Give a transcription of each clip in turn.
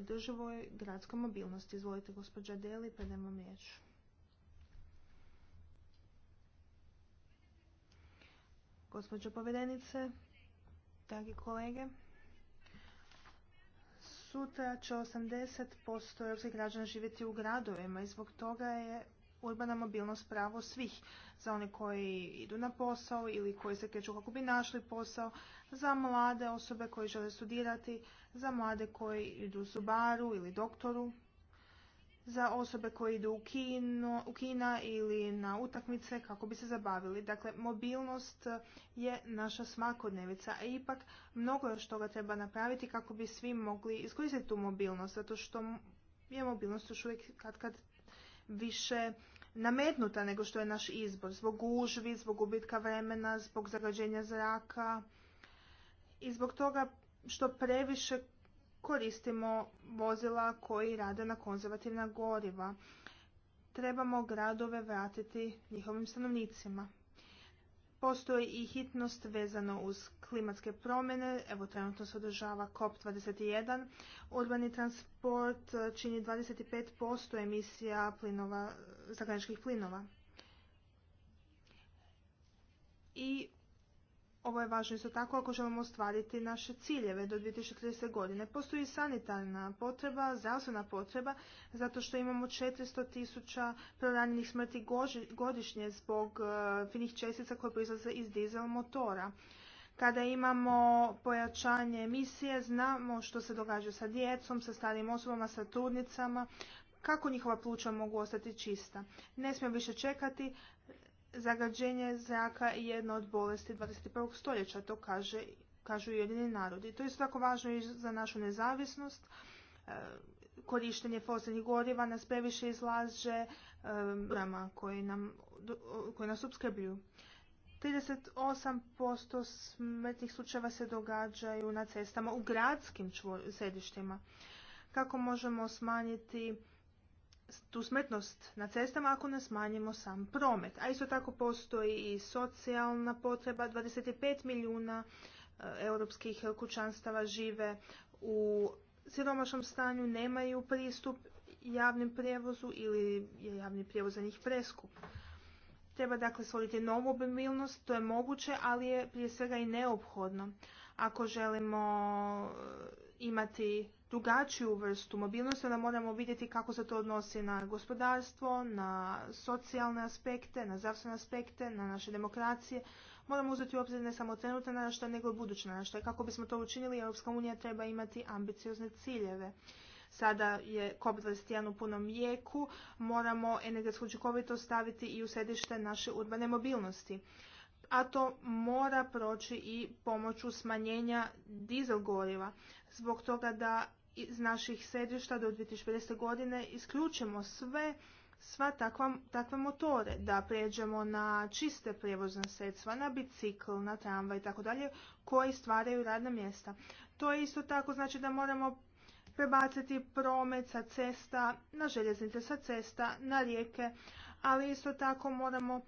održivoj gradskoj mobilnosti. Izvolite, gospođa Deli, predajem pa vam riječ. Gospođo povedenice, dragi kolege, sutra će 80% europskih građana živjeti u gradovima i zbog toga je urbana mobilnost pravo svih, za one koji idu na posao ili koji se kreću kako bi našli posao, za mlade osobe koji žele studirati, za mlade koji idu zubaru ili doktoru, za osobe koje idu u, kina ili na utakmice kako bi se zabavili. Dakle, mobilnost je naša svakodnevica, a ipak mnogo još toga treba napraviti kako bi svi mogli iskoristiti tu mobilnost, zato što je mobilnost još uvijek kad kad više nametnuta nego što je naš izbor. Zbog gužvi, zbog gubitka vremena, zbog zagađenja zraka i zbog toga što previše koristimo vozila koji rade na konzervativna goriva. Trebamo gradove vratiti njihovim stanovnicima. Postoji i hitnost vezano uz klimatske promjene, evo trenutno se održava COP21. Urbani transport e, čini 25% emisija plinova, stakleničkih plinova. I ovo je važno isto tako ako želimo ostvariti naše ciljeve do 2030. godine. Postoji sanitarna potreba, zdravstvena potreba, zato što imamo 400 tisuća proranjenih smrti godišnje zbog e, finih čestica koje proizlaze iz dizel motora. Kada imamo pojačanje emisije, znamo što se događa sa djecom, sa starim osobama, sa trudnicama, kako njihova pluća mogu ostati čista. Ne smijemo više čekati, zagađenje zraka je jedna od bolesti 21. stoljeća, to kaže, kažu jedini narodi. To je tako važno i za našu nezavisnost. E, korištenje fosilnih goriva nas previše izlaže programa e, koji, nam, koji nas subskrbljuju. 38% smrtnih slučajeva se događaju na cestama u gradskim središtima. Kako možemo smanjiti tu smrtnost na cestama ako ne smanjimo sam promet. A isto tako postoji i socijalna potreba. 25 milijuna e, europskih kućanstava žive u siromašnom stanju, nemaju pristup javnom prijevozu ili je javni prijevoz za njih preskup. Treba dakle stvoriti novu mobilnost, to je moguće, ali je prije svega i neophodno. Ako želimo imati drugačiju vrstu mobilnosti, onda moramo vidjeti kako se to odnosi na gospodarstvo, na socijalne aspekte, na zdravstvene aspekte, na naše demokracije. Moramo uzeti u obzir ne samo trenutne naraštaje, nego i buduće Kako bismo to učinili, Europska unija treba imati ambiciozne ciljeve. Sada je COP21 u punom vijeku, moramo energetsku učinkovitost staviti i u središte naše urbane mobilnosti a to mora proći i pomoću smanjenja dizel goriva, zbog toga da iz naših središta do 2050. godine isključimo sve sva takva, takve motore, da pređemo na čiste prijevozna sredstva, na bicikl, na tramvaj i tako dalje, koji stvaraju radna mjesta. To je isto tako znači da moramo prebaciti promet sa cesta, na željeznice sa cesta, na rijeke, ali isto tako moramo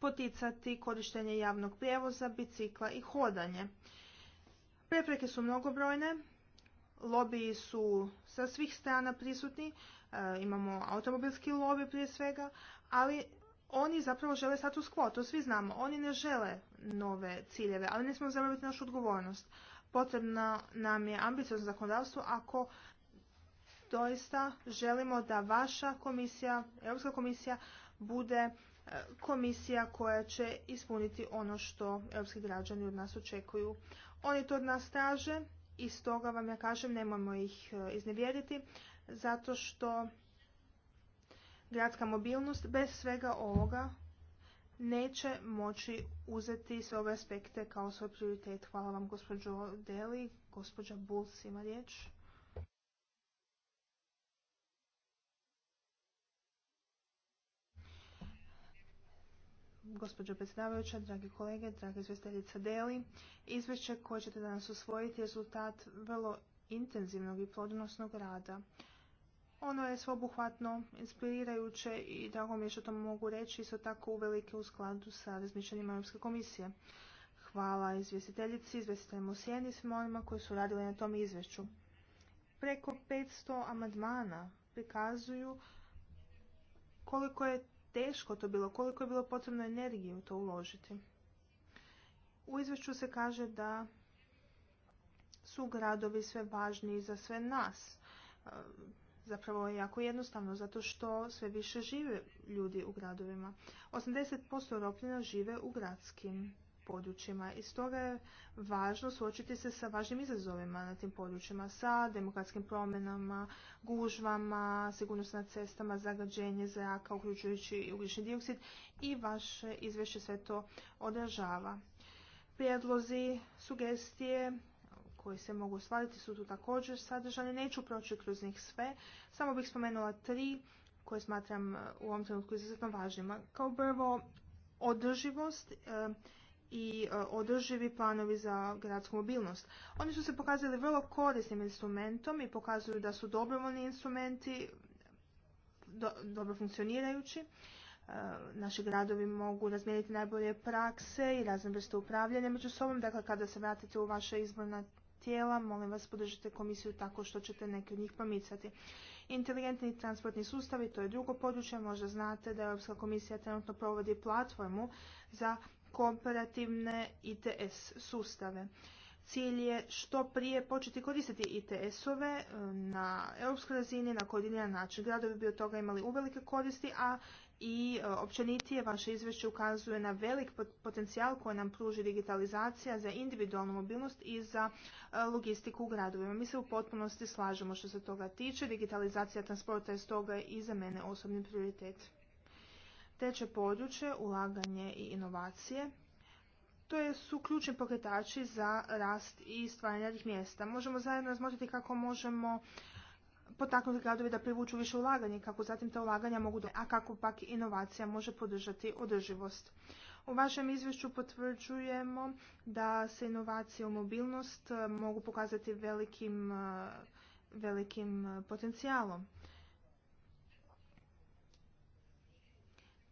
poticati korištenje javnog prijevoza, bicikla i hodanje. Prepreke su mnogobrojne, lobiji su sa svih strana prisutni, e, imamo automobilski lobi prije svega, ali oni zapravo žele status quo, to svi znamo. Oni ne žele nove ciljeve, ali ne smo zaboraviti našu odgovornost. Potrebno nam je ambiciozno zakonodavstvo ako doista želimo da vaša komisija, Europska komisija, bude komisija koja će ispuniti ono što europski građani od nas očekuju. Oni to od nas traže i stoga vam ja kažem nemojmo ih e, iznevjeriti zato što gradska mobilnost bez svega ovoga neće moći uzeti sve ove aspekte kao svoj prioritet. Hvala vam gospođo Deli. Gospođa Bulls ima riječ. gospođo predsjedavajuća, dragi kolege, draga izvjestiteljice Deli. Izvješće koje ćete danas usvojiti je rezultat vrlo intenzivnog i plodonosnog rada. Ono je sveobuhvatno, inspirirajuće i drago mi je što to mogu reći isto tako uvelike u skladu sa razmišljanjima Europske komisije. Hvala izvjestiteljici, izvjestiteljima u i svima onima koji su radili na tom izvješću. Preko 500 amadmana prikazuju koliko je teško to bilo, koliko je bilo potrebno energije u to uložiti. U izvešću se kaže da su gradovi sve važniji za sve nas. E, zapravo je jako jednostavno, zato što sve više žive ljudi u gradovima. 80% Europljena žive u gradskim područjima. I stoga je važno suočiti se sa važnim izazovima na tim područjima, sa demokratskim promjenama, gužvama, sigurnost na cestama, zagađenje zraka, uključujući i ugljični dioksid i vaše izvješće sve to odražava. Prijedlozi, sugestije koji se mogu ostvariti su tu također sadržani. Neću proći kroz njih sve, samo bih spomenula tri koje smatram u ovom trenutku izuzetno važnima. Kao prvo, održivost, e, i e, održivi planovi za gradsku mobilnost. Oni su se pokazali vrlo korisnim instrumentom i pokazuju da su dobrovoljni instrumenti, dobro funkcionirajući. E, naši gradovi mogu razmijeniti najbolje prakse i razne vrste upravljanja među sobom. Dakle, kada se vratite u vaša izborna tijela, molim vas podržite komisiju tako što ćete neke od njih pomicati. Inteligentni transportni sustavi, to je drugo područje, možda znate da Europska komisija trenutno provodi platformu za komparativne ITS sustave. Cilj je što prije početi koristiti ITS-ove na europskoj razini, na koordiniran način. Gradovi bi od toga imali uvelike koristi, a i e, općenitije vaše izvješće ukazuje na velik potencijal koji nam pruži digitalizacija za individualnu mobilnost i za e, logistiku u gradovima. Mi se u potpunosti slažemo što se toga tiče. Digitalizacija transporta je stoga i za mene osobni prioritet. Treće područje, ulaganje i inovacije. To je, su ključni pokretači za rast i stvaranje radnih mjesta. Možemo zajedno razmotriti kako možemo potaknuti gradovi da privuču više ulaganja kako zatim ta ulaganja mogu do... a kako pak inovacija može podržati održivost. U vašem izvješću potvrđujemo da se inovacije u mobilnost eh, mogu pokazati velikim, eh, velikim eh, potencijalom.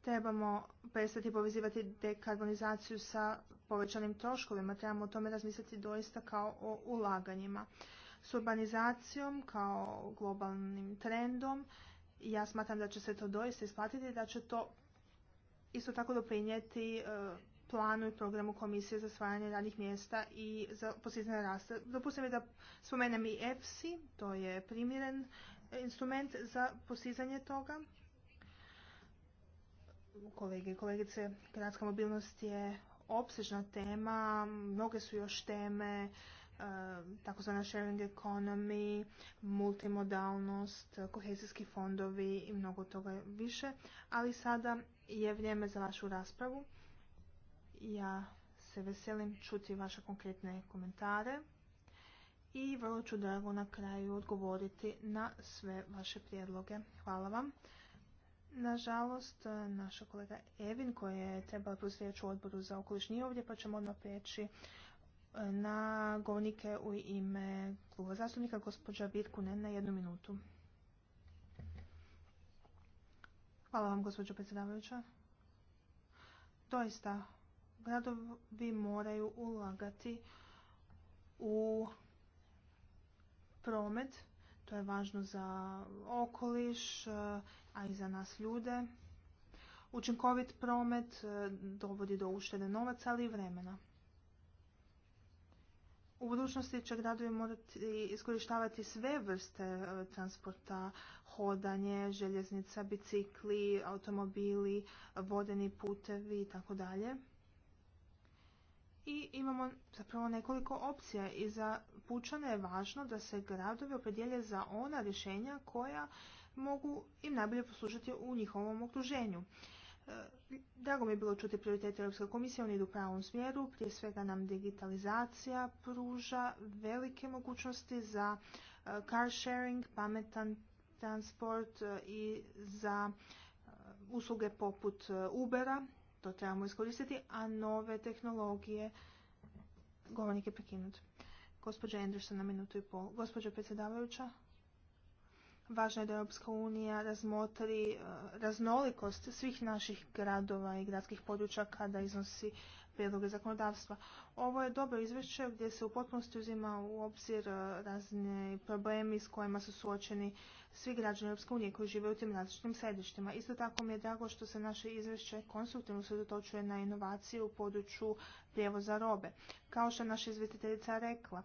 trebamo prestati povezivati dekarbonizaciju sa povećanim troškovima, trebamo o tome razmisliti doista kao o ulaganjima. S urbanizacijom kao globalnim trendom ja smatram da će se to doista isplatiti i da će to isto tako doprinijeti e, planu i programu Komisije za stvaranje radnih mjesta i za postizanje rasta. Dopustite mi da spomenem i EFSI, to je primjeren e, instrument za postizanje toga kolege i kolegice. Gradska mobilnost je opsežna tema, mnoge su još teme, e, takozvana sharing economy, multimodalnost, kohezijski fondovi i mnogo toga više. Ali sada je vrijeme za vašu raspravu. Ja se veselim čuti vaše konkretne komentare i vrlo ću drago na kraju odgovoriti na sve vaše prijedloge. Hvala vam. Nažalost, e, naša kolega Evin, koja je trebala preuzeti u odboru za okoliš, nije ovdje, pa ćemo odmah prijeći e, na govornike u ime kluba zastupnika, gospođa Virkunen, na jednu minutu. Hvala vam, gospođo predsjedavajuća. Doista, gradovi moraju ulagati u promet, to je važno za okoliš, e, a i za nas ljude. Učinkovit promet e, dovodi do uštede novaca, ali i vremena. U budućnosti će gradovi morati iskorištavati sve vrste e, transporta, hodanje, željeznica, bicikli, automobili, vodeni putevi i tako dalje. I imamo zapravo nekoliko opcija i za pučane je važno da se gradovi opredjelje za ona rješenja koja mogu im najbolje poslušati u njihovom okruženju. E, drago mi je bilo čuti prioritete Europske komisije, oni idu u pravom smjeru. Prije svega nam digitalizacija pruža velike mogućnosti za e, car sharing, pametan transport e, i za usluge poput Ubera. To trebamo iskoristiti, a nove tehnologije... Govornik je prekinut. Gospođa Anderson na minutu i pol. Gospođa predsjedavajuća, Važno je da Europska unija razmotri e, raznolikost svih naših gradova i gradskih područja kada iznosi prijedloge zakonodavstva. Ovo je dobro izvješće gdje se u potpunosti uzima u obzir e, razne problemi s kojima su suočeni svi građani Europske unije koji žive u tim različitim središtima. Isto tako mi je drago što se naše izvješće konstruktivno sredotočuje na inovacije u području prijevoza robe. Kao što je naša izvjetiteljica rekla,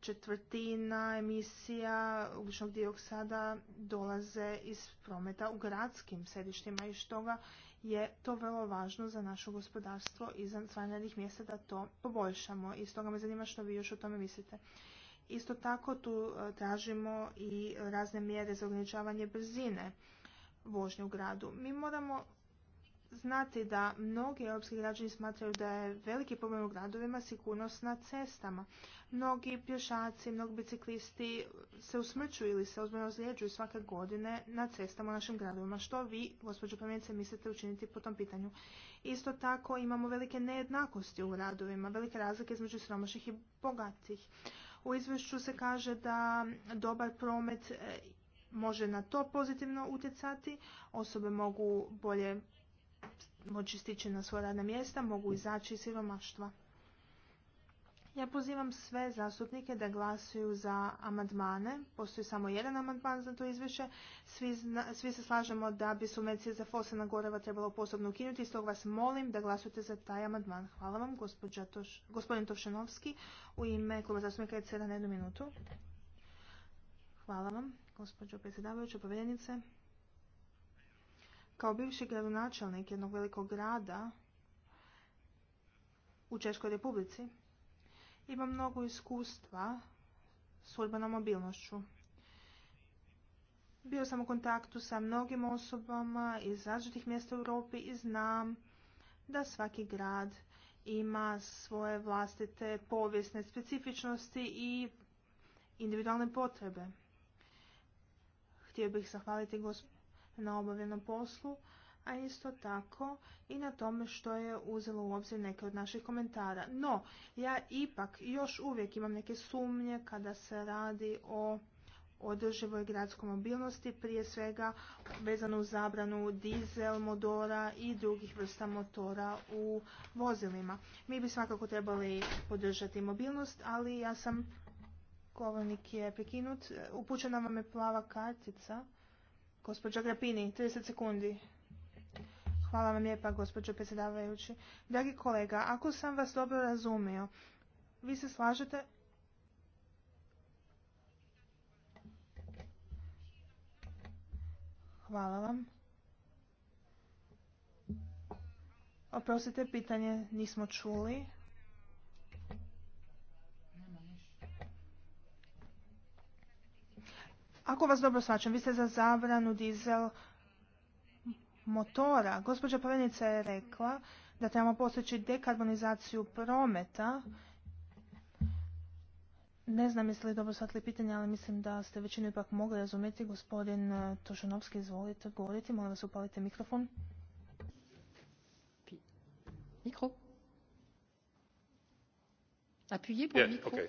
četvrtina emisija ugljičnog dioksada dolaze iz prometa u gradskim središtima i toga je to vrlo važno za naše gospodarstvo i za mjesta da to poboljšamo. I stoga me zanima što vi još o tome mislite. Isto tako tu e, tražimo i razne mjere za ograničavanje brzine vožnje u gradu. Mi moramo znati da mnogi europski građani smatraju da je veliki problem u gradovima sigurnost na cestama. Mnogi pješaci, mnogi biciklisti se usmrćuju ili se ozbiljno ozlijeđuju svake godine na cestama u našim gradovima. Što vi, gospođo Pamjenice, mislite učiniti po tom pitanju? Isto tako imamo velike nejednakosti u gradovima, velike razlike između siromašnih i bogatih. U izvješću se kaže da dobar promet e, može na to pozitivno utjecati, osobe mogu bolje moći stići na svoja radna mjesta, mogu izaći iz siromaštva. Ja pozivam sve zastupnike da glasuju za amandmane. Postoji samo jedan amandman za to izvješće. Svi, se slažemo da bi subvencije za fosilna goreva trebalo posebno ukinuti. Stoga vas molim da glasujete za taj amandman. Hvala vam, gospodin Tovšanovski u ime kluba zastupnika ECR na jednu minutu. Hvala vam, gospođo predsjedavajuća, povjerenice. Kao bivši gradonačelnik jednog velikog grada u Češkoj republici imam mnogo iskustva s urbanom mobilnošću. Bio sam u kontaktu sa mnogim osobama iz različitih mjesta u Europi i znam da svaki grad ima svoje vlastite povijesne specifičnosti i individualne potrebe. Htio bih zahvaliti gospodinu na obavljenom poslu, a isto tako i na tome što je uzelo u obzir neke od naših komentara. No, ja ipak još uvijek imam neke sumnje kada se radi o održivoj gradskoj mobilnosti, prije svega vezano uz zabranu dizel, motora i drugih vrsta motora u vozilima. Mi bi svakako trebali podržati mobilnost, ali ja sam, govornik je prekinut, upućena vam je plava kartica Gospođa Grapini, 30 sekundi. Hvala vam lijepa, gospođo predsjedavajući. Dragi kolega, ako sam vas dobro razumio, vi se slažete Hvala vam. Oprostite, pitanje nismo čuli. Ako vas dobro svačam, vi ste za zabranu dizel motora. Gospođa Povenica je rekla da trebamo postići dekarbonizaciju prometa. Ne znam jeste dobro shvatili pitanje, ali mislim da ste većinu ipak mogli razumjeti. Gospodin e, Tošanovski, izvolite govoriti. Molim vas upalite mikrofon. Mikro. Appuyez pour e,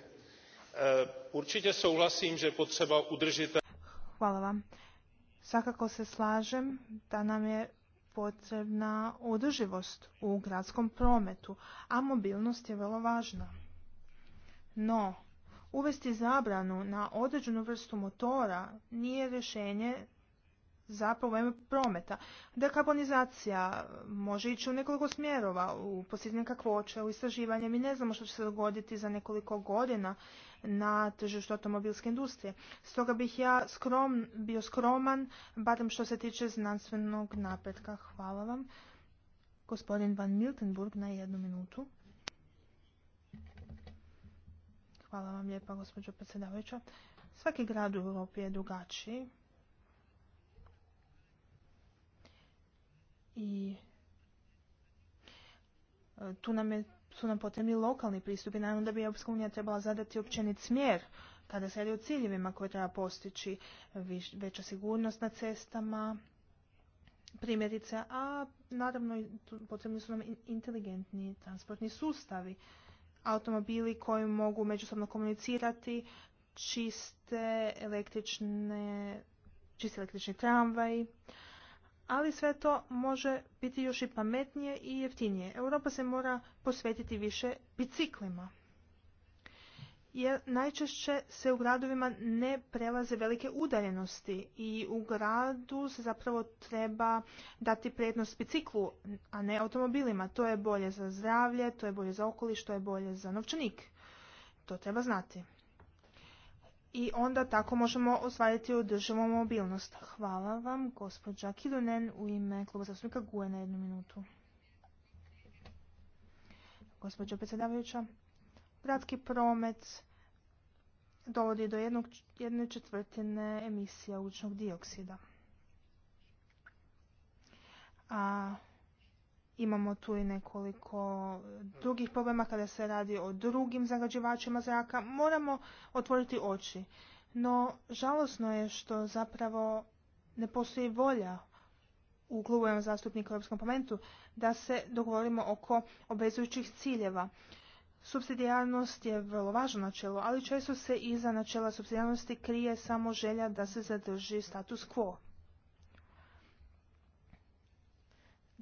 určitě souhlasím, že potřeba Hvala vam. Svakako se slažem da nam je potrebna održivost u gradskom prometu, a mobilnost je vrlo važna. No, uvesti zabranu na određenu vrstu motora nije rješenje za probleme prometa. Dekarbonizacija može ići u nekoliko smjerova, u postizanje kakvoće, u istraživanje. Mi ne znamo što će se dogoditi za nekoliko godina na tržištu automobilske industrije. Stoga bih ja skrom, bio skroman, barem što se tiče znanstvenog napretka. Hvala vam. Gospodin Van Miltenburg na jednu minutu. Hvala vam lijepa, gospođo predsjedavajuća. Svaki grad u Europi je drugačiji i e, tu nam je, su nam potrebni lokalni pristupi. Naravno da bi Europska trebala zadati općenit smjer kada se radi o ciljevima koje treba postići, veća sigurnost na cestama, primjerice, a naravno potrebni su nam inteligentni transportni sustavi, automobili koji mogu međusobno komunicirati, čiste električne, čisti električni tramvaj, ali sve to može biti još i pametnije i jeftinije. Europa se mora posvetiti više biciklima. Jer najčešće se u gradovima ne prelaze velike udaljenosti i u gradu se zapravo treba dati prednost biciklu, a ne automobilima. To je bolje za zdravlje, to je bolje za okoliš, to je bolje za novčanik. To treba znati i onda tako možemo ostvariti održivu mobilnost. Hvala vam, gospođa Kilunen, u ime kluba zastupnika Guje na jednu minutu. Gospođa predsjedavajuća, gradski promet dovodi do jednog, jedne četvrtine emisija učnog dioksida. A Imamo tu i nekoliko drugih problema kada se radi o drugim zagađivačima zraka. Moramo otvoriti oči. No, žalosno je što zapravo ne postoji volja u klubovima zastupnika u Europskom parlamentu da se dogovorimo oko obvezujućih ciljeva. Subsidijarnost je vrlo važno načelo, ali često se iza načela subsidijarnosti krije samo želja da se zadrži status quo.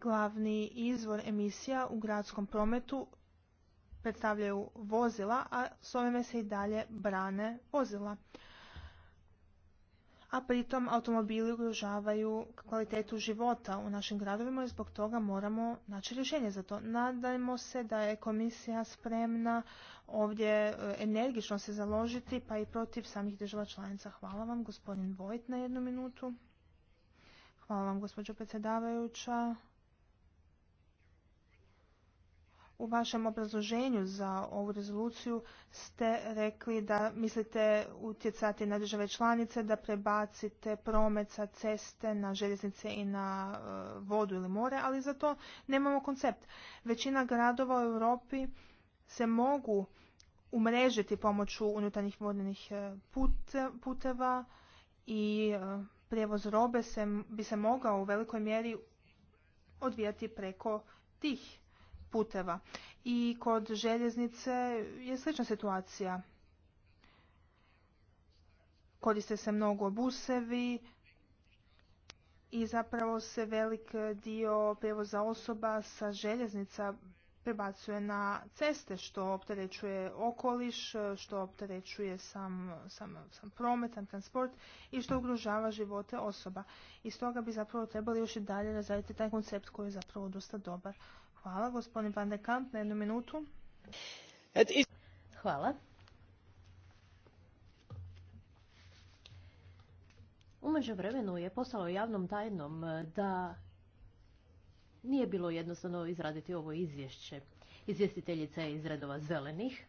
glavni izvor emisija u gradskom prometu predstavljaju vozila, a s ovime se i dalje brane vozila. A pritom automobili ugrožavaju kvalitetu života u našim gradovima i zbog toga moramo naći rješenje za to. Nadajmo se da je komisija spremna ovdje e, energično se založiti pa i protiv samih država članica. Hvala vam gospodin Vojt na jednu minutu. Hvala vam gospođo predsjedavajuća. U vašem obrazloženju za ovu rezoluciju ste rekli da mislite utjecati na države članice da prebacite promet sa ceste na željeznice i na e, vodu ili more, ali za to nemamo koncept. Većina gradova u Europi se mogu umrežiti pomoću unutarnjih vodnih e, puteva i e, prijevoz robe bi se mogao u velikoj mjeri odvijati preko tih puteva. I kod željeznice je slična situacija. Koriste se mnogo busevi i zapravo se velik dio prevoza osoba sa željeznica prebacuje na ceste što opterećuje okoliš, što opterećuje sam, sam, sam promet, sam transport i što ugrožava živote osoba. I stoga bi zapravo trebali još i dalje razraditi taj koncept koji je zapravo dosta dobar. Hvala. Gospodin Van de Kamp na jednu minutu. Hvala. Umeđu vremenu je postalo javnom tajnom da nije bilo jednostavno izraditi ovo izvješće. izvjestiteljice iz redova zelenih,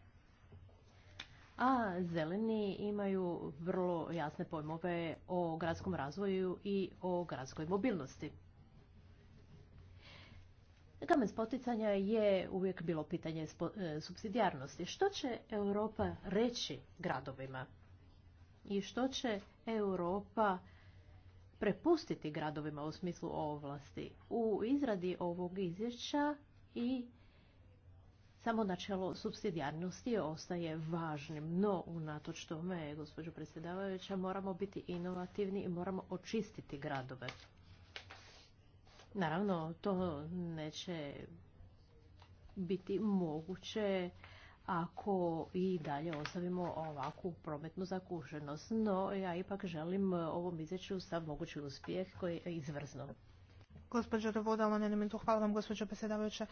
a zeleni imaju vrlo jasne pojmove o gradskom razvoju i o gradskoj mobilnosti kamen spoticanja je uvijek bilo pitanje e, subsidijarnosti. Što će Europa reći gradovima? I što će Europa prepustiti gradovima u smislu ovlasti? U izradi ovog izvješća i samo načelo subsidijarnosti ostaje važnim, no unatoč tome, gospođo predsjedavajuća, moramo biti inovativni i moramo očistiti gradove. Naravno, to neće biti moguće ako i dalje ostavimo ovakvu prometnu zakušenost. No, ja ipak želim ovom izreću sav mogući uspjeh koji je izvrzno. Gospođo Revoda, tu hvala vam gospođo predsjedavajuća.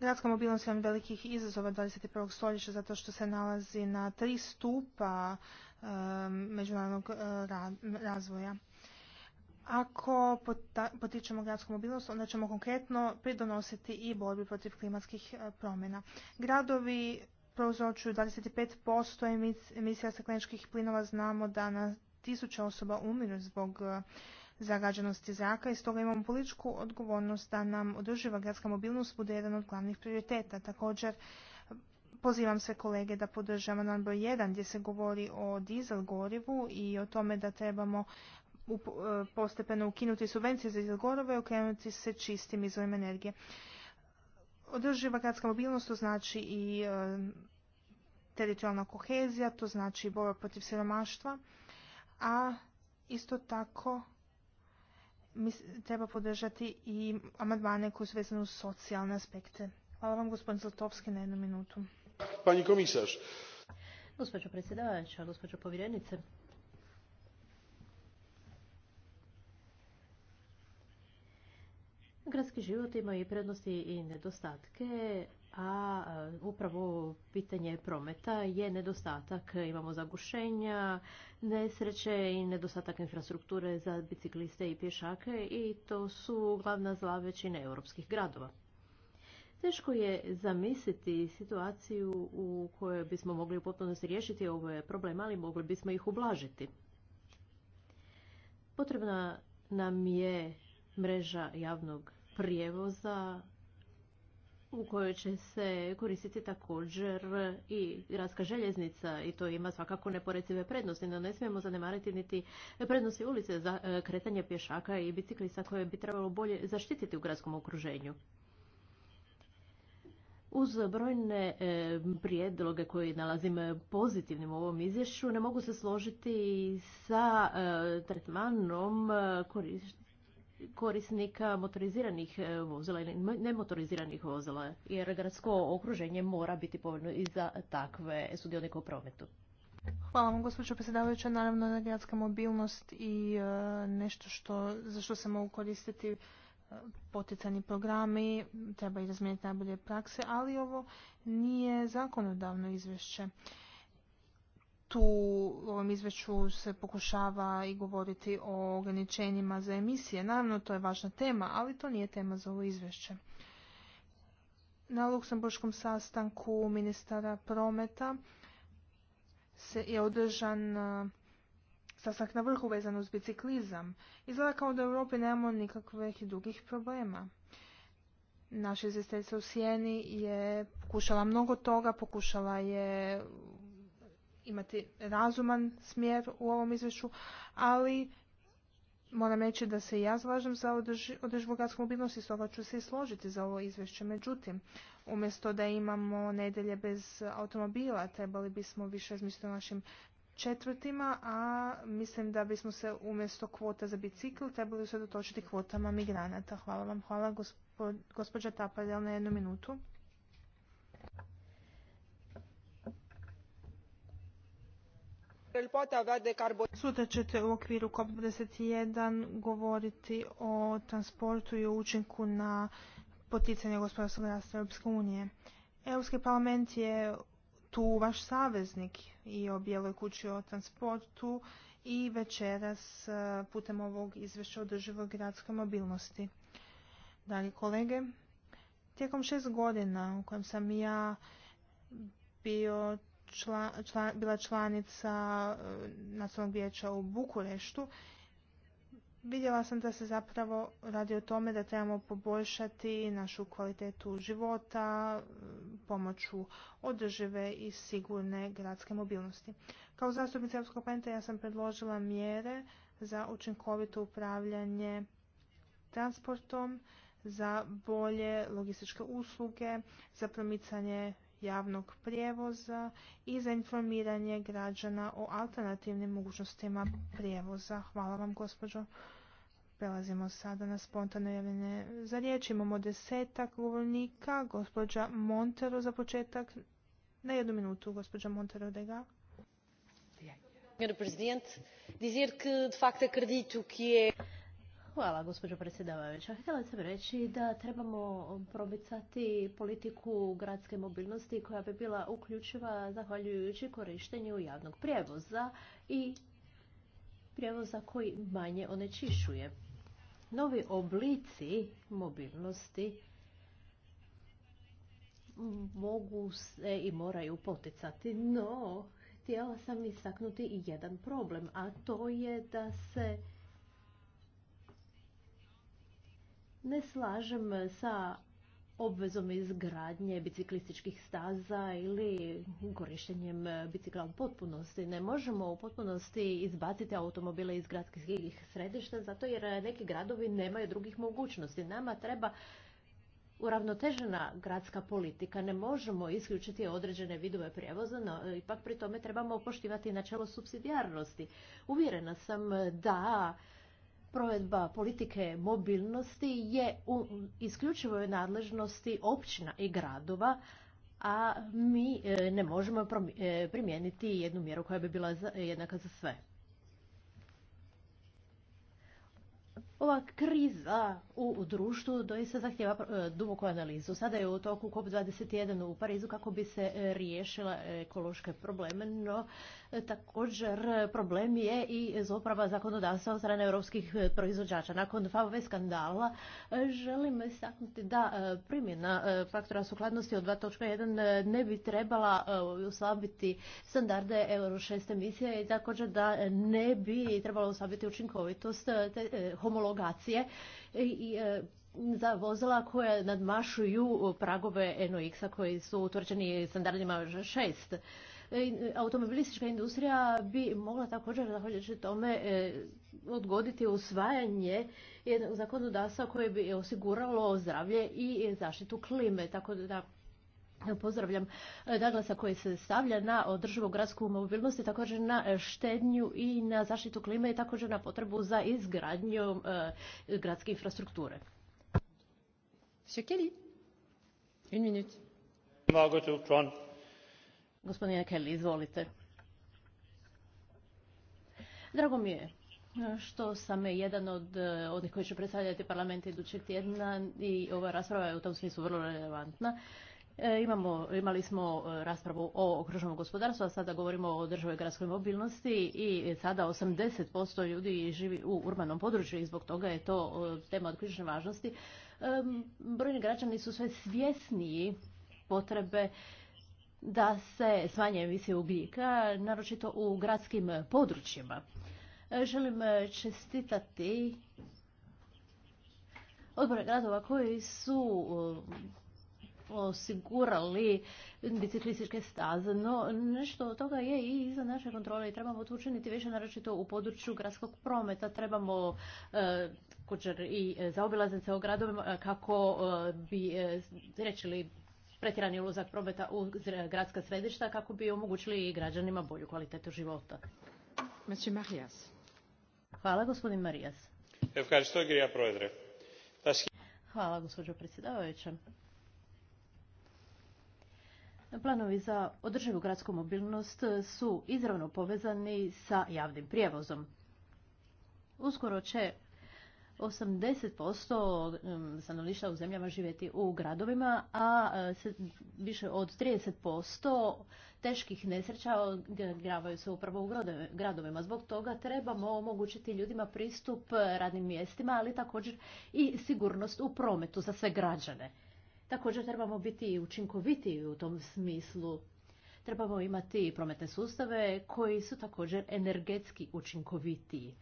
Gradska mobilnost je jedan velikih izazova 21. stoljeća zato što se nalazi na tri stupa ehm, međunarodnog ehm, razvoja. Ako potičemo gradsku mobilnost, onda ćemo konkretno pridonositi i borbi protiv klimatskih e, promjena. Gradovi prouzročuju 25% emisija stakleničkih plinova. Znamo da na tisuće osoba umiru zbog e, zagađenosti zraka i stoga imamo političku odgovornost da nam održiva gradska mobilnost bude jedan od glavnih prioriteta. Također, Pozivam sve kolege da podržamo nam broj 1 gdje se govori o dizel gorivu i o tome da trebamo E, postepeno ukinuti subvencije za izgorove i okrenuti se čistim izvorima energije. Održiva gradska mobilnost to znači i e, teritorijalna kohezija, to znači borba protiv siromaštva, a isto tako treba podržati i amandmane koje su vezane uz socijalne aspekte. Hvala vam gospodin Zlatovski na jednu minutu. Pani komisar. Gospođo predsjedavajuća, gospođo povjerenice, Gradski život ima i prednosti i nedostatke, a upravo pitanje prometa je nedostatak. Imamo zagušenja, nesreće i nedostatak infrastrukture za bicikliste i pješake i to su glavna zla većine europskih gradova. Teško je zamisliti situaciju u kojoj bismo mogli u potpunosti riješiti ove probleme, ali mogli bismo ih ublažiti. Potrebna nam je mreža javnog prijevoza u kojoj će se koristiti također i gradska željeznica i to ima svakako neporecive prednosti, no ne smijemo zanemariti niti prednosti ulice za e, kretanje pješaka i biciklista koje bi trebalo bolje zaštititi u gradskom okruženju. Uz brojne e, prijedloge koje nalazim pozitivnim u ovom izvješću, ne mogu se složiti sa e, tretmanom korištenja korisnika motoriziranih e, vozila ili nemotoriziranih vozila, jer gradsko okruženje mora biti povoljno i za takve sudionike u prometu. Hvala vam, gospođo predsjedavajuća. Naravno, gradska mobilnost i e, nešto što, za što se mogu koristiti e, poticani programi, treba i razmijeniti najbolje prakse, ali ovo nije zakonodavno izvješće tu u ovom izveću se pokušava i govoriti o ograničenjima za emisije. Naravno, to je važna tema, ali to nije tema za ovo izvješće. Na luksemburškom sastanku ministara prometa se je održan e, sastanak na vrhu vezan uz biciklizam. Izgleda kao da u Europi nemamo nikakvih drugih problema. Naša izvjestiteljica u Sijeni je pokušala mnogo toga, pokušala je imati razuman smjer u ovom izvješću, ali moram reći da se i ja zlažem za održivu gradsku mobilnost i stoga ću se i složiti za ovo izvješće. Međutim, umjesto da imamo nedelje bez automobila, trebali bismo više razmisliti o našim četvrtima, a mislim da bismo se umjesto kvota za bicikl trebali dotočiti kvotama migranata. Hvala vam. Hvala gospođa Tapadel na jednu minutu. Sutra ćete u okviru COP21 govoriti o transportu i o učinku na poticanje gospodarskog rasta Europske unije. Europski parlament je tu vaš saveznik i o Bijeloj kući o transportu i večeras e, putem ovog izvješća o drživoj gradskoj mobilnosti. Dalje, kolege, tijekom šest godina u kojem sam ja bio bila članica e, nacionalnog vijeća u Bukureštu, vidjela sam da se zapravo radi o tome da trebamo poboljšati našu kvalitetu života e, pomoću održive i sigurne gradske mobilnosti. Kao zastupnica Europskog parlamenta ja sam predložila mjere za učinkovito upravljanje transportom, za bolje logističke usluge, za promicanje javnog prijevoza i za informiranje građana o alternativnim mogućnostima prijevoza. Hvala vam gospođo. Prelazimo sada na spontane javljene za riječ. Imamo desetak govornika. Gospođa Montero za početak. Na jednu minutu, gospođa Montero Dega. Senhora Presidente, dizer que de Hvala, gospođo predsjedavajuća. Htjela sam reći da trebamo promicati politiku gradske mobilnosti koja bi bila uključiva zahvaljujući korištenju javnog prijevoza i prijevoza koji manje onečišuje. Novi oblici mobilnosti mogu se i moraju poticati, no htjela sam istaknuti i jedan problem, a to je da se ne slažem sa obvezom izgradnje biciklističkih staza ili korištenjem bicikla u potpunosti. Ne možemo u potpunosti izbaciti automobile iz gradskih središta zato jer neki gradovi nemaju drugih mogućnosti. Nama treba uravnotežena gradska politika. Ne možemo isključiti određene vidove prijevoza, no ipak pri tome trebamo poštivati načelo subsidijarnosti. Uvjerena sam da provedba politike mobilnosti je u isključivoj nadležnosti općina i gradova, a mi e, ne možemo e, primijeniti jednu mjeru koja bi bila jednaka za sve. Ova kriza u društvu doista zahtjeva e, duboku analizu. Sada je u toku COP21 u Parizu kako bi se e, riješila ekološke probleme, no e, također problem je i zoprava zakonodavstva od strane europskih proizvođača. Nakon fave skandala želim istaknuti da primjena faktora sukladnosti od 2.1 ne bi trebala uslabiti standarde Euro 6 emisije i također da ne bi trebalo uslabiti učinkovitost homologa homologacije e, za vozila koje nadmašuju pragove NOx-a koji su utvrđeni standardima 6. E, automobilistička industrija bi mogla također, zahvaljujući tome, e, odgoditi usvajanje jednog zakonodavstva koje bi osiguralo zdravlje i zaštitu klime. Tako da Pozdravljam e, Daglasa koji se stavlja na održivu gradsku mobilnost i također na e, štednju i na zaštitu klime i također na potrebu za izgradnju e, gradske infrastrukture. Kelly, minut. Gospodine Kelly, izvolite. Drago mi je što sam jedan od onih koji će predstavljati parlament idućeg tjedna i ova rasprava je u tom smislu vrlo relevantna. E, imamo, imali smo e, raspravu o okruženom gospodarstvu, a sada govorimo o državoj gradskoj mobilnosti i sada 80% ljudi živi u urbanom području i zbog toga je to e, tema od ključne važnosti. Brojni građani su sve svjesniji potrebe da se smanje emisije ugljika, naročito u gradskim područjima. Želim čestitati odbore gradova koji su osigurali biciklističke staze, no nešto od toga je i iza naše kontrole i trebamo to učiniti više naročito u području gradskog prometa. Trebamo također e, i e, zaobilaznice o gradovima e, kako bi rečili pretjerani ulozak prometa u gradska središta kako bi omogućili i građanima bolju kvalitetu života. Marijas. Hvala, gospodin Marijas. Hvala, gospođo predsjedavajuća. Planovi za održivu gradsku mobilnost su izravno povezani sa javnim prijevozom. Uskoro će 80% stanovništva u zemljama živjeti u gradovima, a e, više od 30% teških nesreća gravaju se upravo u gradovima. Zbog toga trebamo omogućiti ljudima pristup radnim mjestima, ali također i sigurnost u prometu za sve građane. Također trebamo biti učinkovitiji u tom smislu. Trebamo imati prometne sustave koji su također energetski učinkovitiji.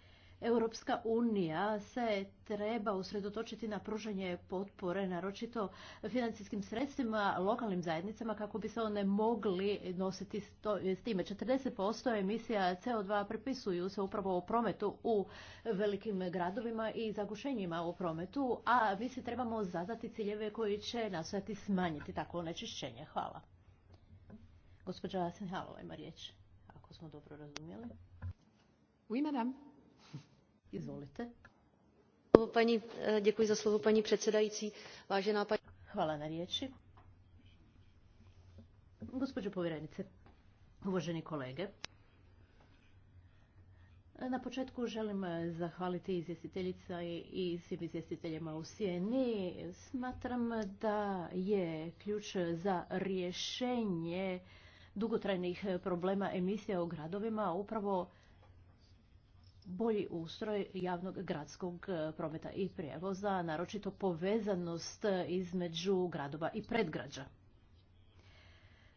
Europska unija se treba usredotočiti na pružanje potpore, naročito financijskim sredstvima lokalnim zajednicama kako bi se one mogli nositi s time. 40% emisija CO2 prepisuju se upravo o prometu u velikim gradovima i zagušenjima u prometu, a mi se trebamo zadati ciljeve koji će nastojati smanjiti takvo onečišćenje. Hvala. Gospođa Senhalova ima riječ, ako smo dobro razumjeli. Oui, madame. Izvolite. Eh, za pani Hvala na riječi. Gospođo povjerenice, uvaženi kolege, na početku želim eh, zahvaliti izvjestiteljica i svim izvjestiteljima u Sjeni. Smatram da je ključ za rješenje dugotrajnih eh, problema emisija u gradovima upravo bolji ustroj javnog gradskog e, prometa i prijevoza, naročito povezanost e, između gradova i predgrađa.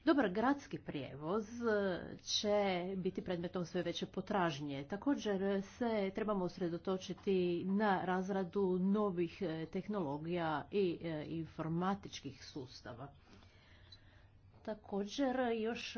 Dobar gradski prijevoz e, će biti predmetom sve veće potražnje. Također se trebamo usredotočiti na razradu novih tehnologija i informatičkih sustava. Također još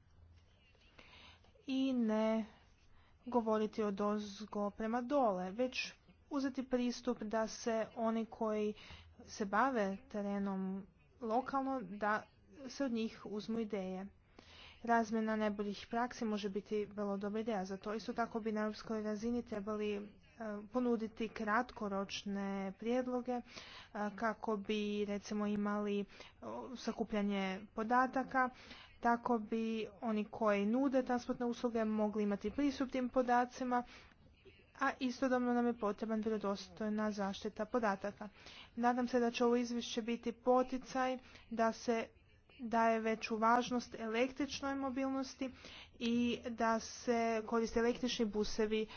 i ne govoriti od ozgo prema dole, već uzeti pristup da se oni koji se bave terenom lokalno, da se od njih uzmu ideje. Razmjena najboljih praksi može biti vrlo dobra ideja za to. Isto tako bi na europskoj razini trebali e, ponuditi kratkoročne prijedloge e, kako bi recimo imali sakupljanje podataka tako bi oni koji nude transportne usluge mogli imati pristup tim podacima, a istodobno nam je potreban vjerodostojna zaštita podataka. Nadam se da će ovo izvješće biti poticaj da se daje veću važnost električnoj mobilnosti i da se koriste električni busevi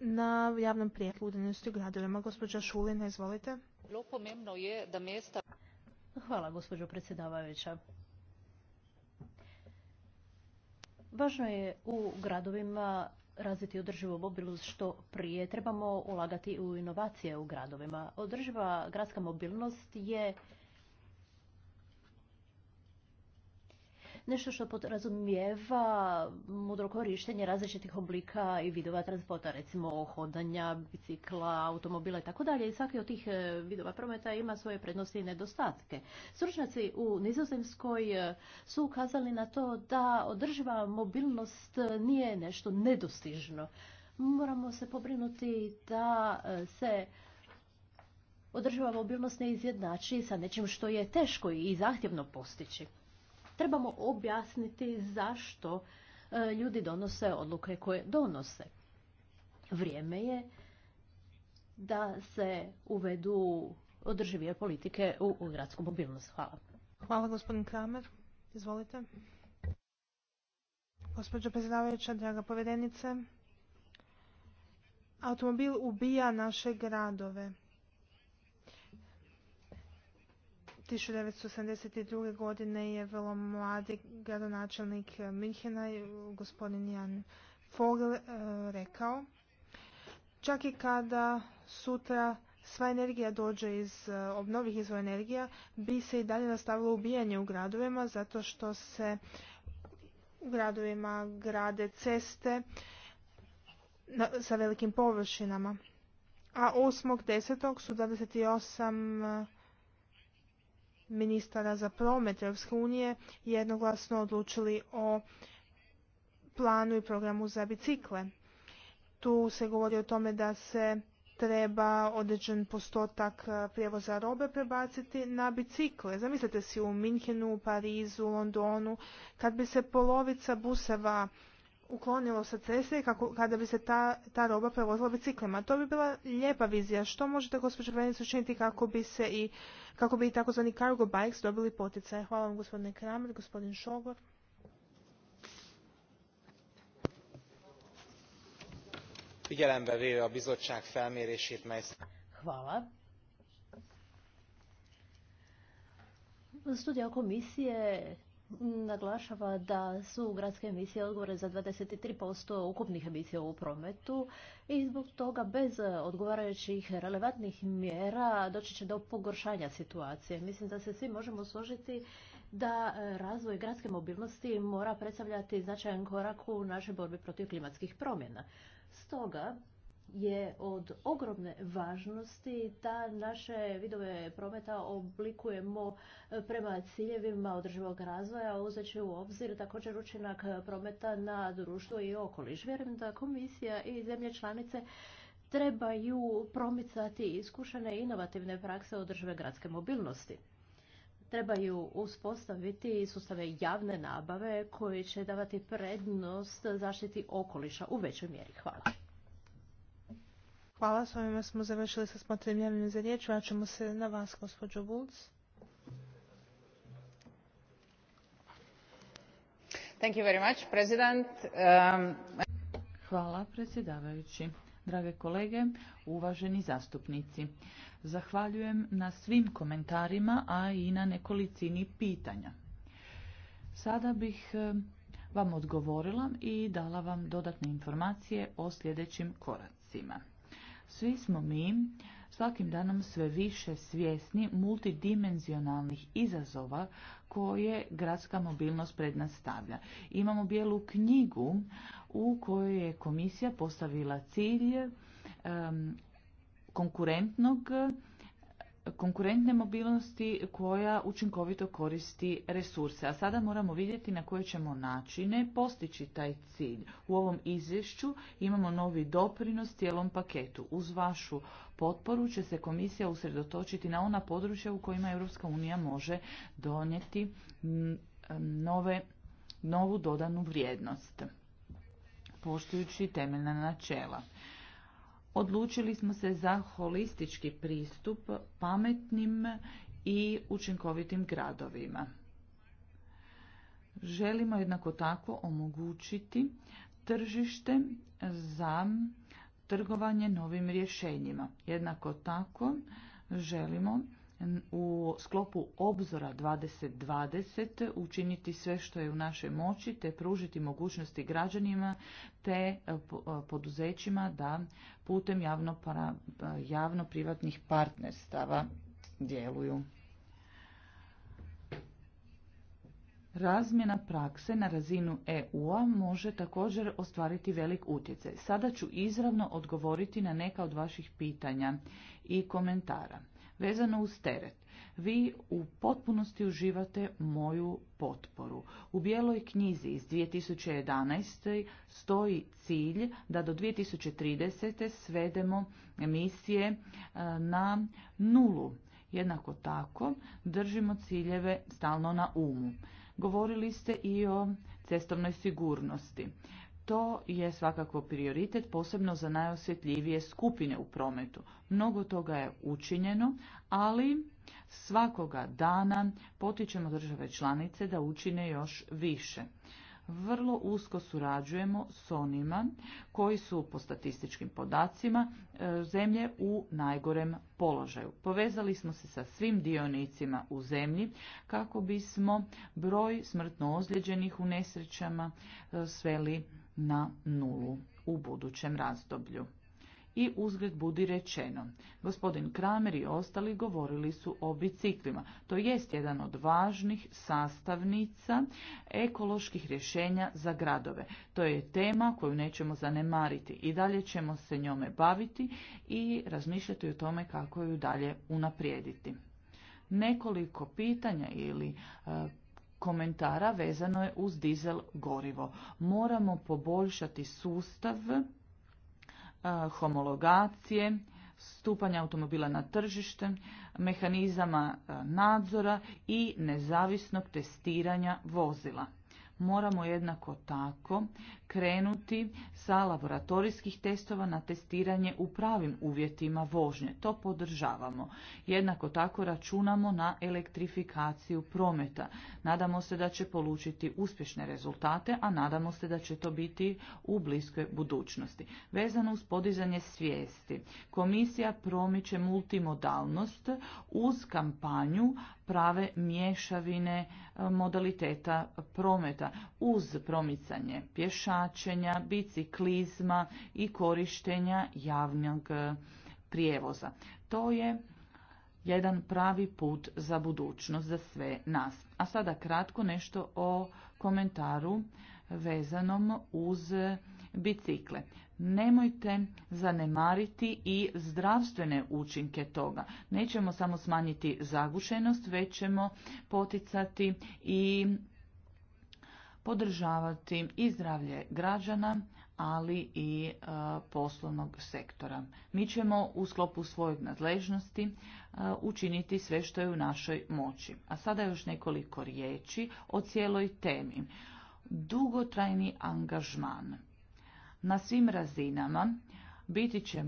na javnom prijatelju udaljenosti u gradovima. Gospođa Šulina, izvolite. Hvala, gospođo predsjedavajuća. Važno je u gradovima razviti održivu mobilnost što prije. Trebamo ulagati u inovacije u gradovima. Održiva gradska mobilnost je nešto što podrazumijeva mudro korištenje različitih oblika i vidova transporta, recimo hodanja, bicikla, automobila i tako dalje. I svaki od tih e, vidova prometa ima svoje prednosti i nedostatke. Stručnjaci u Nizozemskoj e, su ukazali na to da održiva mobilnost nije nešto nedostižno. Moramo se pobrinuti da e, se održiva mobilnost ne izjednači sa nečim što je teško i zahtjevno postići trebamo objasniti zašto e, ljudi donose odluke koje donose. Vrijeme je da se uvedu održivije politike u, gradsku mobilnost. Hvala. Hvala gospodin Kramer. Izvolite. Gospođo predsjedavajuća, draga povedenice, automobil ubija naše gradove. 1982. godine je vrlo mladi gradonačelnik Minhena, gospodin Jan Fogel, e, rekao Čak i kada sutra sva energija dođe iz e, obnovih izvora energija, bi se i dalje nastavilo ubijanje u gradovima, zato što se u gradovima grade ceste sa velikim površinama. A 8.10. su 28 ministara za promet Europske unije jednoglasno odlučili o planu i programu za bicikle. Tu se govori o tome da se treba određen postotak e, prijevoza robe prebaciti na bicikle. Zamislite si u Minhenu, Parizu, Londonu, kad bi se polovica buseva uklonilo sa ceste i kako, kada bi se ta, ta roba prevozila biciklima. To bi bila lijepa vizija. Što možete, gospođo Brenic, učiniti kako bi se i kako bi i takozvani cargo bikes dobili poticaj Hvala vam, gospodine Kramer, gospodin Šogor. a Hvala. Studija komisije naglašava da su gradske emisije odgovore za 23% ukupnih emisija u prometu i zbog toga bez odgovarajućih relevantnih mjera doći će do pogoršanja situacije. Mislim da se svi možemo složiti da e, razvoj gradske mobilnosti mora predstavljati značajan korak u našoj borbi protiv klimatskih promjena. Stoga, je od ogromne važnosti da naše vidove prometa oblikujemo e, prema ciljevima održivog razvoja, uzeći u obzir također učinak prometa na društvo i okoliš. Vjerujem da komisija i zemlje članice trebaju promicati iskušene inovativne prakse održive gradske mobilnosti trebaju uspostaviti sustave javne nabave koji će davati prednost zaštiti okoliša u većoj mjeri. Hvala. Hvala, s ovime smo završili sa smatranjem javljenim za riječ. Vraćamo se na vas, gospođo um, Hvala, predsjedavajući. Drage kolege, uvaženi zastupnici, zahvaljujem na svim komentarima, a i na nekolicini pitanja. Sada bih um, vam odgovorila i dala vam dodatne informacije o sljedećim koracima. Svi smo mi svakim danom sve više svjesni multidimenzionalnih izazova koje gradska mobilnost pred nas stavlja. Imamo bijelu knjigu u kojoj je komisija postavila cilj konkurentnog konkurentne mobilnosti koja učinkovito koristi resurse. A sada moramo vidjeti na koje ćemo načine postići taj cilj. U ovom izvješću imamo novi doprinos cijelom paketu. Uz vašu potporu će se komisija usredotočiti na ona područja u kojima Europska unija može donijeti nove, novu dodanu vrijednost poštujući temeljna načela odlučili smo se za holistički pristup pametnim i učinkovitim gradovima. Želimo jednako tako omogućiti tržište za trgovanje novim rješenjima. Jednako tako želimo u sklopu obzora 2020 učiniti sve što je u našoj moći te pružiti mogućnosti građanima te e, e, poduzećima da putem e, javno-privatnih partnerstava djeluju. Razmjena prakse na razinu EU-a može također ostvariti velik utjecaj. Sada ću izravno odgovoriti na neka od vaših pitanja i komentara. Vezano uz teret, vi u potpunosti uživate moju potporu. U bijeloj knjizi iz 2011. stoji cilj da do 2030. svedemo emisije e, na nulu. Jednako tako držimo ciljeve stalno na umu. Govorili ste i o cestovnoj sigurnosti. To je svakako prioritet, posebno za najosjetljivije skupine u prometu. Mnogo toga je učinjeno, ali svakoga dana potičemo države članice da učine još više vrlo usko surađujemo s onima koji su po statističkim podacima e, zemlje u najgorem položaju. Povezali smo se sa svim dionicima u zemlji kako bismo broj smrtno ozlijeđenih u nesrećama e, sveli na nulu u budućem razdoblju. I uzgled budi rečeno, gospodin Kramer i ostali govorili su o biciklima. To jest jedan od važnih sastavnica ekoloških rješenja za gradove. To je tema koju nećemo zanemariti i dalje ćemo se njome baviti i razmišljati o tome kako ju dalje unaprijediti. Nekoliko pitanja ili e, komentara vezano je uz dizel gorivo. Moramo poboljšati sustav homologacije, stupanja automobila na tržište, mehanizama nadzora i nezavisnog testiranja vozila moramo jednako tako krenuti sa laboratorijskih testova na testiranje u pravim uvjetima vožnje. To podržavamo. Jednako tako računamo na elektrifikaciju prometa. Nadamo se da će polučiti uspješne rezultate, a nadamo se da će to biti u bliskoj budućnosti. Vezano uz podizanje svijesti, komisija promiče multimodalnost uz kampanju prave mješavine eh, modaliteta prometa uz promicanje pješačenja, biciklizma i korištenja javnog e, prijevoza. To je jedan pravi put za budućnost za sve nas. A sada kratko nešto o komentaru vezanom uz bicikle. Nemojte zanemariti i zdravstvene učinke toga. Nećemo samo smanjiti zagušenost, već ćemo poticati i podržavati i zdravlje građana, ali i e, poslovnog sektora. Mi ćemo u sklopu svojeg nadležnosti e, učiniti sve što je u našoj moći. A sada još nekoliko riječi o cijeloj temi. Dugotrajni angažman na svim razinama biti će,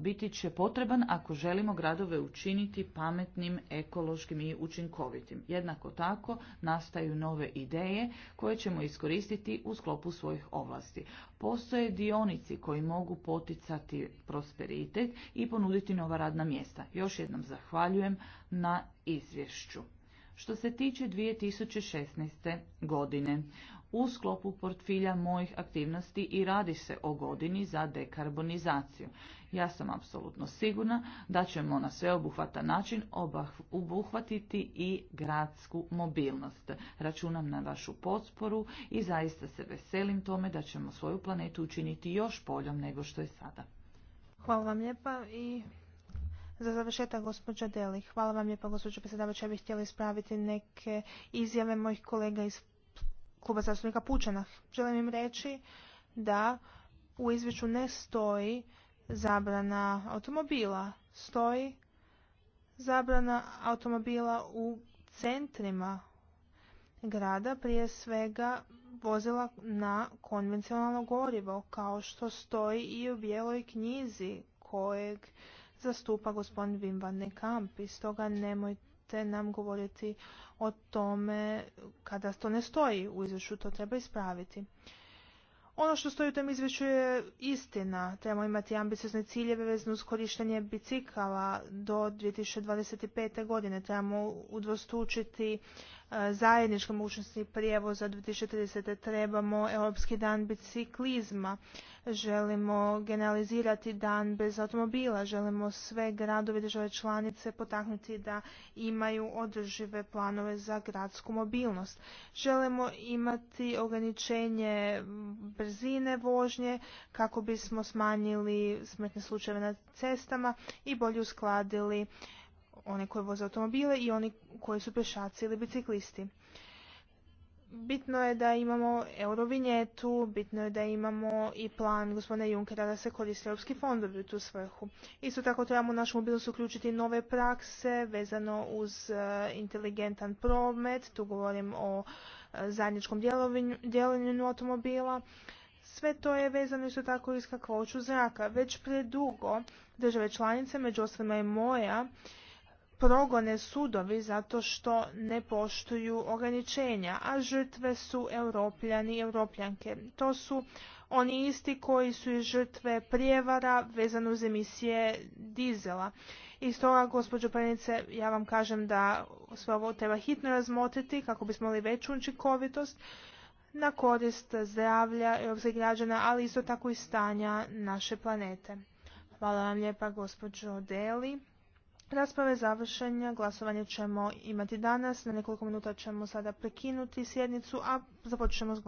biti će potreban ako želimo gradove učiniti pametnim, ekološkim i učinkovitim. Jednako tako nastaju nove ideje koje ćemo iskoristiti u sklopu svojih ovlasti. Postoje dionici koji mogu poticati prosperitet i ponuditi nova radna mjesta. Još jednom zahvaljujem na izvješću. Što se tiče 2016. godine, u sklopu portfilja mojih aktivnosti i radi se o godini za dekarbonizaciju. Ja sam apsolutno sigurna da ćemo na sveobuhvatan način obuhvatiti i gradsku mobilnost. Računam na vašu potporu i zaista se veselim tome da ćemo svoju planetu učiniti još boljom nego što je sada. Hvala vam lijepa i za završetak gospođa Deli. Hvala vam lijepa gospođo predsjedavajuća. Ja bih htjela ispraviti neke izjave mojih kolega iz kluba zastupnika Pučana. Želim im reći da u izvješću ne stoji zabrana automobila. Stoji zabrana automobila u centrima grada, prije svega vozila na konvencionalno gorivo, kao što stoji i u bijeloj knjizi kojeg zastupa gospodin Wim van Kamp. I stoga nemojte nam govoriti o tome kada to ne stoji u izvješću, to treba ispraviti. Ono što stoji u tom izvješću je istina. Trebamo imati ambiciozne ciljeve vezno uz korištenje bicikala do 2025. godine. Trebamo udvostručiti E, zajedničke mogućnosti prijevoza 2030. trebamo Europski dan biciklizma, želimo generalizirati dan bez automobila, želimo sve gradove države članice potaknuti da imaju održive planove za gradsku mobilnost. Želimo imati ograničenje brzine vožnje kako bismo smanjili smrtne slučajeve na cestama i bolje uskladili one koji voze automobile i oni koji su pešaci ili biciklisti. Bitno je da imamo eurovinjetu, bitno je da imamo i plan gospodine Junkera da se koriste europski fondovi u tu svrhu. Isto tako trebamo u našu mobilnost uključiti nove prakse vezano uz e, inteligentan promet, tu govorim o e, zajedničkom djelovanju automobila. Sve to je vezano isto tako i s kakvoću zraka. Već predugo države članice, među ostalima i moja, progone sudovi zato što ne poštuju ograničenja, a žrtve su europljani i europljanke. To su oni isti koji su i žrtve prijevara vezano uz emisije dizela. I stoga, gospođo Prenice, ja vam kažem da sve ovo treba hitno razmotriti kako bismo imali veću učinkovitost na korist zdravlja europskih građana, ali isto tako i stanja naše planete. Hvala vam lijepa, gospođo Deli. Rasprave završenja, glasovanje ćemo imati danas, na nekoliko minuta ćemo sada prekinuti sjednicu, a započnemo s